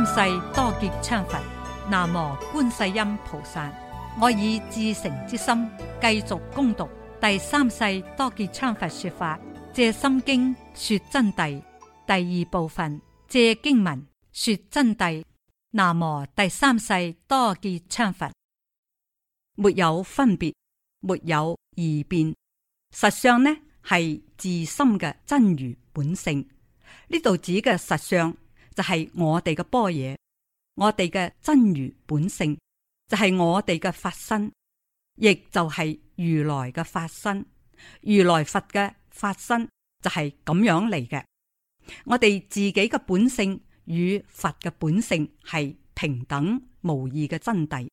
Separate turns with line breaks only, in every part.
三世多杰羌佛，南無觀世音菩薩。我以至誠之心，繼續攻讀第三世多杰羌佛說法。借心經說真諦，第二部分借經文說真諦。南無第三世多杰羌佛，沒有分別，沒有異變。實相呢係自心嘅真如本性。呢度指嘅實相。就係我哋嘅般若，我哋嘅真如本性就係、是、我哋嘅法身，亦就係如來嘅法身，如來佛嘅法身就係咁樣嚟嘅。我哋自己嘅本性與佛嘅本性係平等無異嘅真諦。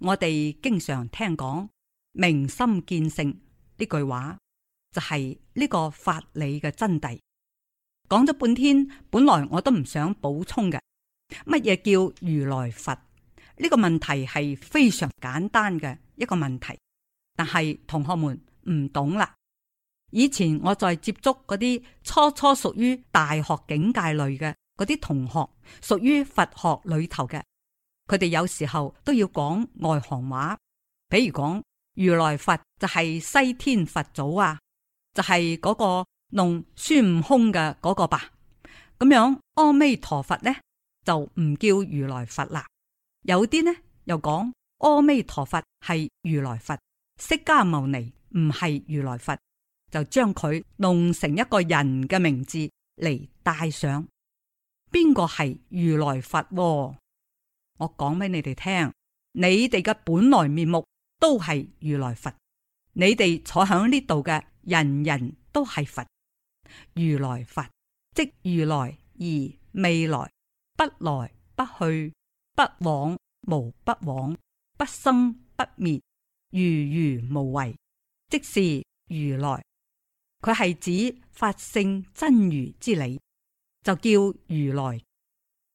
我哋經常聽講明心見性呢句話，就係、是、呢個法理嘅真諦。講咗半天，本來我都唔想補充嘅。乜嘢叫如來佛？呢個問題係非常簡單嘅一個問題，但係同學們唔懂啦。以前我在接觸嗰啲初初屬於大學境界類嘅嗰啲同學，屬於佛學裏頭嘅，佢哋有時候都要講外行話，比如講如來佛就係西天佛祖啊，就係嗰個。弄孫悟空嘅嗰個吧，咁樣阿彌陀佛呢就唔叫如來佛啦。有啲呢又講阿彌陀佛係如來佛，釋迦牟尼唔係如來佛，就將佢弄成一個人嘅名字嚟帶上。邊個係如來佛喎？我講俾你哋聽，你哋嘅本來面目都係如來佛。你哋坐響呢度嘅人人都係佛。如來佛，即如來而未來，不來不去，不往無不往，不生不滅，如如無為，即是如來，佢係指法性真如之理，就叫如來。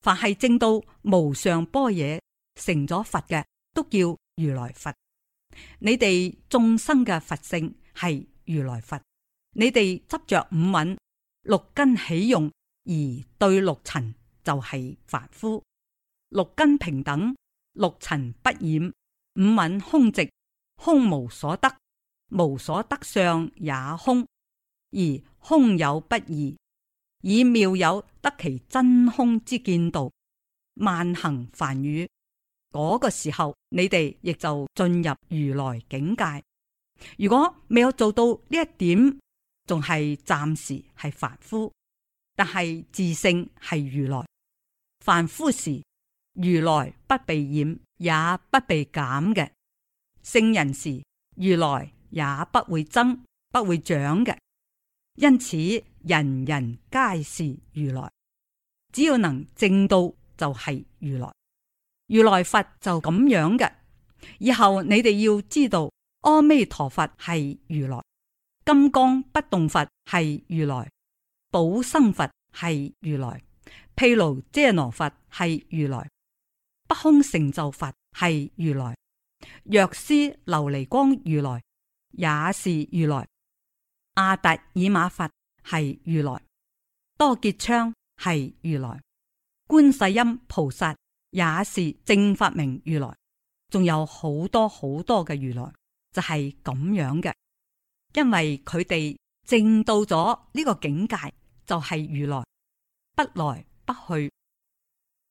凡係正到無上般若，成咗佛嘅都叫如來佛。你哋眾生嘅佛性係如來佛。你哋執着五蘊六根起用，而對六塵就係凡夫；六根平等，六塵不染，五蘊空寂，空無所得，無所得相也空，而空有不二，以妙有得其真空之見道，萬行凡語。嗰、那個時候，你哋亦就進入如來境界。如果未有做到呢一點，仲係暫時係凡夫，但係自性係如來。凡夫時，如來不被染，也不被減嘅；聖人時，如來也不會增，不會長嘅。因此，人人皆是如來，只要能證到就係如來。如來佛就咁樣嘅。以後你哋要知道，阿彌陀佛係如來。金剛不動佛係如來，寶生佛係如來，毗盧遮那佛係如來，不空成就佛係如來，藥師琉璃光如來也是如來，阿達爾瑪佛係如來，多杰羌係如來，觀世音菩薩也是正法明如來，仲有好多好多嘅如來，就係咁樣嘅。因為佢哋正到咗呢個境界，就係如來不來不去。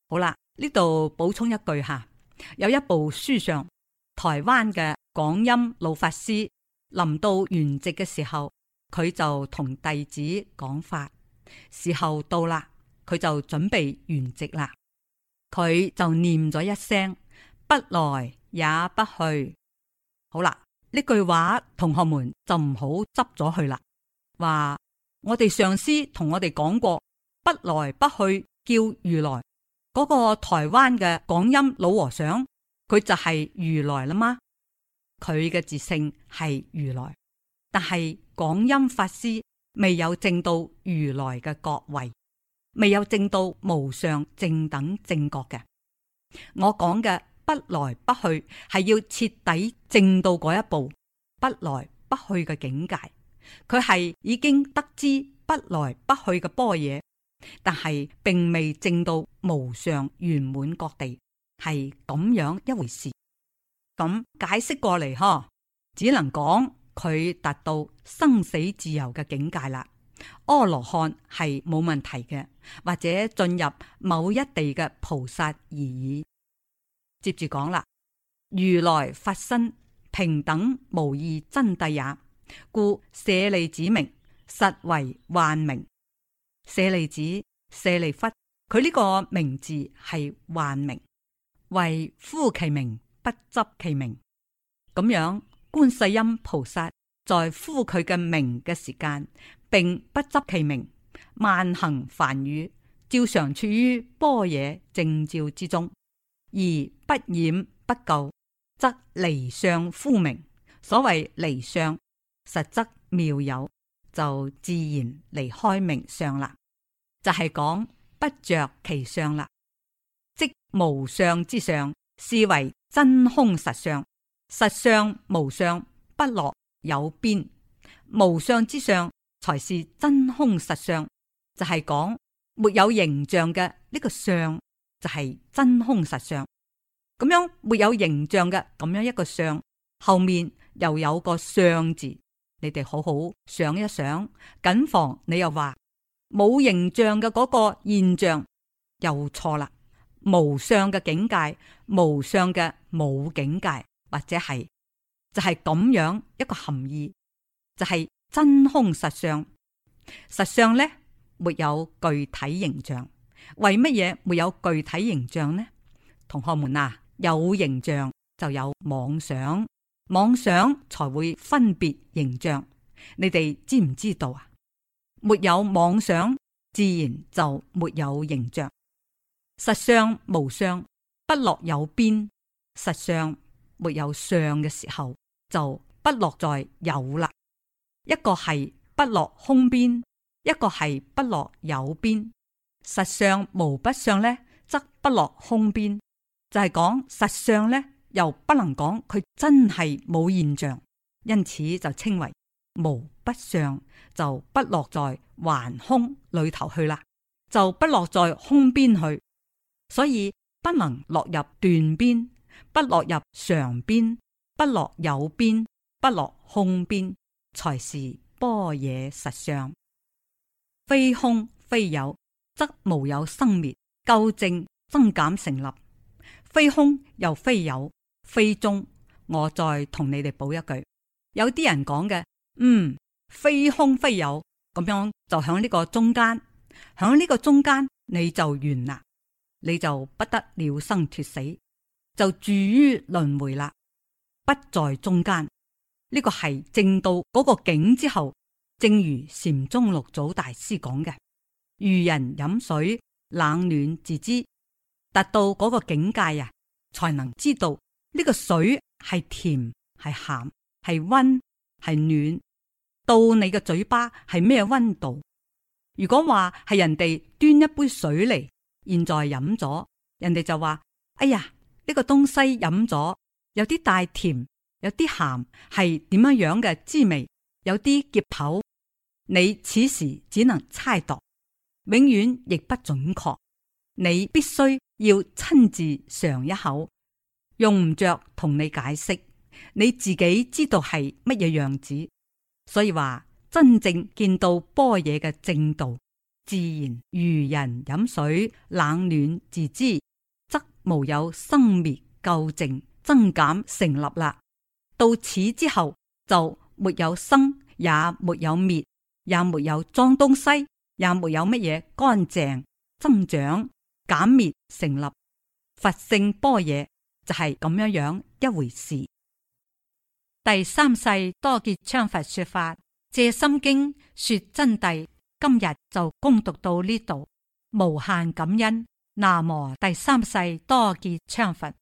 好啦，呢度補充一句吓，有一部書上，台灣嘅廣音老法師臨到圓寂嘅時候，佢就同弟子講法，時候到啦，佢就準備圓寂啦，佢就念咗一聲不來也不去，好啦。呢句話，同學們就唔好執咗去啦。話我哋上師同我哋講過，不來不去叫如來，嗰、那個台灣嘅廣音老和尚，佢就係如來啦嗎？佢嘅自性係如來，但係廣音法師未有證到如來嘅覺位，未有證到無上正等正覺嘅。我講嘅。不來不去係要徹底證到嗰一步，不來不去嘅境界，佢係已經得知不來不去嘅般若，但係並未證到無上圓滿各地，係咁樣一回事。咁、嗯、解釋過嚟，嗬，只能講佢達到生死自由嘅境界啦。阿羅漢係冇問題嘅，或者進入某一地嘅菩薩而已。接住講啦，如來法身平等無異真諦也，故舍利子名實為幻名。舍利子，舍利弗，佢呢個名字係幻名，為呼其名不執其名。咁樣觀世音菩薩在呼佢嘅名嘅時間，並不執其名，萬行梵語，照常處於般若正照之中。而不染不垢，則離相乎明。所謂離相，實則妙有，就自然離開名相啦。就係、是、講不着其相啦，即無相之相，是為真空實相。實相無相，不落有邊。無相之相，才是真空實相。就係、是、講沒有形象嘅呢個相。係真空實相，咁樣沒有形象嘅咁樣一個相，後面又有個相字，你哋好好想一想。謹防你又話冇形象嘅嗰個現象又錯啦，無相嘅境界，無相嘅冇境界，或者係就係、是、咁樣一個含義，就係、是、真空實相，實相呢，沒有具體形象。為乜嘢沒有具體形象呢？同學們啊，有形象就有妄想，妄想才會分別形象。你哋知唔知道啊？沒有妄想，自然就沒有形象。實相無相，不落有邊。實相沒有相嘅時候，就不落在有啦。一個係不落空邊，一個係不落有邊。實相無不相呢，則不落空邊，就係、是、講實相呢，又不能講佢真係冇現象，因此就稱為無不相，就不落在還空裏頭去啦，就不落在空邊去，所以不能落入斷邊，不落入常邊，不落有邊，不落空邊，才是般若實相，非空非有。則無有生滅，垢淨增減成立，非空又非有，非中。我再同你哋補一句，有啲人講嘅，嗯，非空非有，咁樣就響呢個中間，響呢個中間你就完啦，你就不得了生脫死，就住於輪回啦，不在中間。呢、這個係正到嗰個境之後，正如禪宗六祖大師講嘅。如人飲水，冷暖自知。達到嗰個境界啊，才能知道呢、這個水係甜係鹹係溫係暖，到你嘅嘴巴係咩溫度。如果話係人哋端一杯水嚟，現在飲咗，人哋就話：哎呀，呢、這個東西飲咗有啲帶甜，有啲鹹，係點樣樣嘅滋味，有啲澀口。你此時只能猜度。永遠亦不準確，你必須要親自嘗一口，用唔着，同你解釋，你自己知道係乜嘢樣子。所以話真正見到般若嘅正道，自然如人飲水，冷暖自知，則無有生滅、垢淨、增減、成立啦。到此之後，就沒有生，也沒有滅，也沒有裝東西。也沒有乜嘢乾淨增長減滅成立，佛性般若就係咁樣樣一回事。第三世多杰羌佛說法《藉心經》說真諦，今日就恭讀到呢度，無限感恩。南無第三世多杰羌佛。